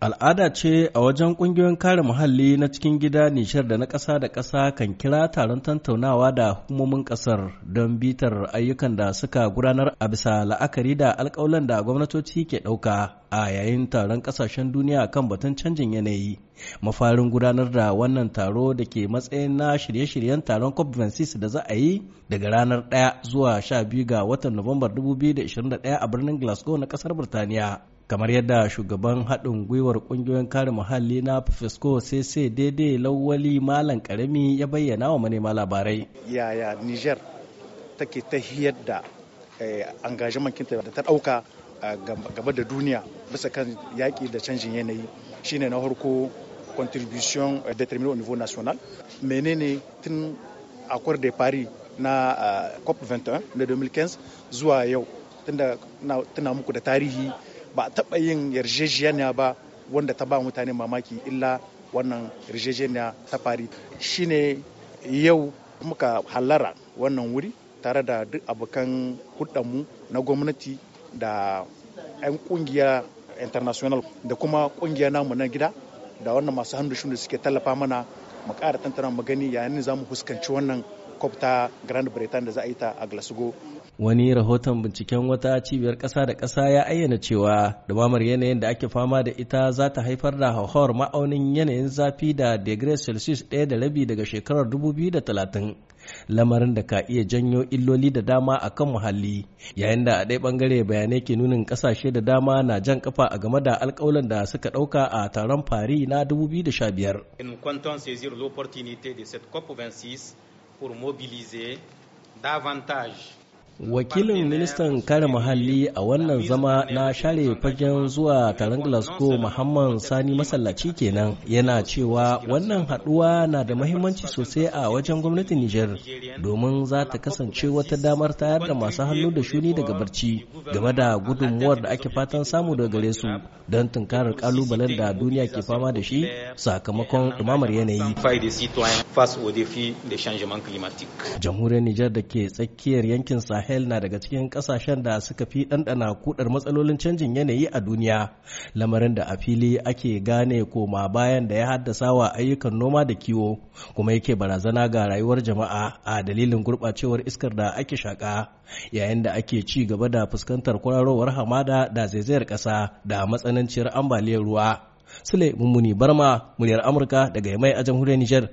Al'ada ce a wajen ƙungiyoyin kare muhalli na cikin gida nishar da na ƙasa da ƙasa kan kira taron tattaunawa da hukumomin ƙasar don bitar ayyukan da suka gudanar a bisa la'akari da alƙawalan da gwamnatoci ke ɗauka a yayin taron kasashen duniya kan batun canjin yanayi. Mafarin gudanar da wannan taro da ke matsayin na shirye-shiryen taron COP26 da za a yi daga ranar 1 zuwa 12 ga watan Nuwambar 2021 a birnin Glasgow na ƙasar Birtaniya. kamar yadda shugaban haɗin gwiwar ƙungiyoyin kare muhalli na fesco cc daidai lawali malam karami ya bayyana wa manema labarai yaya niger take ta da eh, engagement kinta da ta ɗauka gaba da duniya bisa kan yaƙi da canjin yanayi shine na harko contribution eh, determinée au niveau national menene tun accord de paris na cop 21 na 2015 zuwa yau tunda muku da tarihi ba a taɓa yin yarjejeniya ba wanda ta ba mutane mamaki illa wannan yarjejeniya ta fari shine yau muka halara wannan wuri tare da duk abokan hudanmu na gwamnati da 'yan kungiya international da kuma kungiya namu na gida da wannan masu hannu shi suke tallafa mana mu ƙara tantana magani yayin za mu fuskanci wannan kwafta grand britain da za a yi ta a glasgow Wani rahoton binciken wata cibiyar ƙasa da ƙasa ya ayyana cewa dumamar yanayin da ake fama da ita za ta haifar da hauhawar ma'aunin yanayin zafi da degree Celsius ɗaya da rabi daga shekarar 2030, lamarin da ka iya janyo illoli da dama a kan muhalli, yayin da a ɗaya ɓangare bayanai ke nunin ƙasashe da dama na jan ƙafa a game da alƙawalin da suka ɗauka a taron Paris na 2015. In saisir l'opportunité de cette COP26 pour mobiliser davantage Wakilin ministan kare muhalli a wannan zama na share fagen zuwa taron Glasgow Muhammad Sani masallaci kenan yana cewa wannan haduwa na da mahimmanci sosai a wajen gwamnatin niger domin za ta kasance wata damar tayar da masu hannu da shuni daga barci game da gudunmuwar da ake fatan samu daga gare su don tunkarar kalubalen da duniya ke fama da shi sakamakon ɗumamar yanayi. face au défi des changements Jamhuriyar Nijar da ke tsakiyar yankin Sahel na daga cikin kasashen da suka fi ɗanɗana kudar matsalolin canjin yanayi a duniya. Lamarin da a fili ake gane koma bayan da ya haddasa wa ayyukan noma da kiwo kuma yake barazana ga rayuwar jama'a a dalilin gurɓacewar iskar da ake shaƙa yayin da ake ci gaba da fuskantar kwararowar hamada da zaizayar ƙasa da matsananciyar ambaliyar ruwa. Sule Mummuni Barma, muryar Amurka daga Yamai a jamhuriyar Nijar.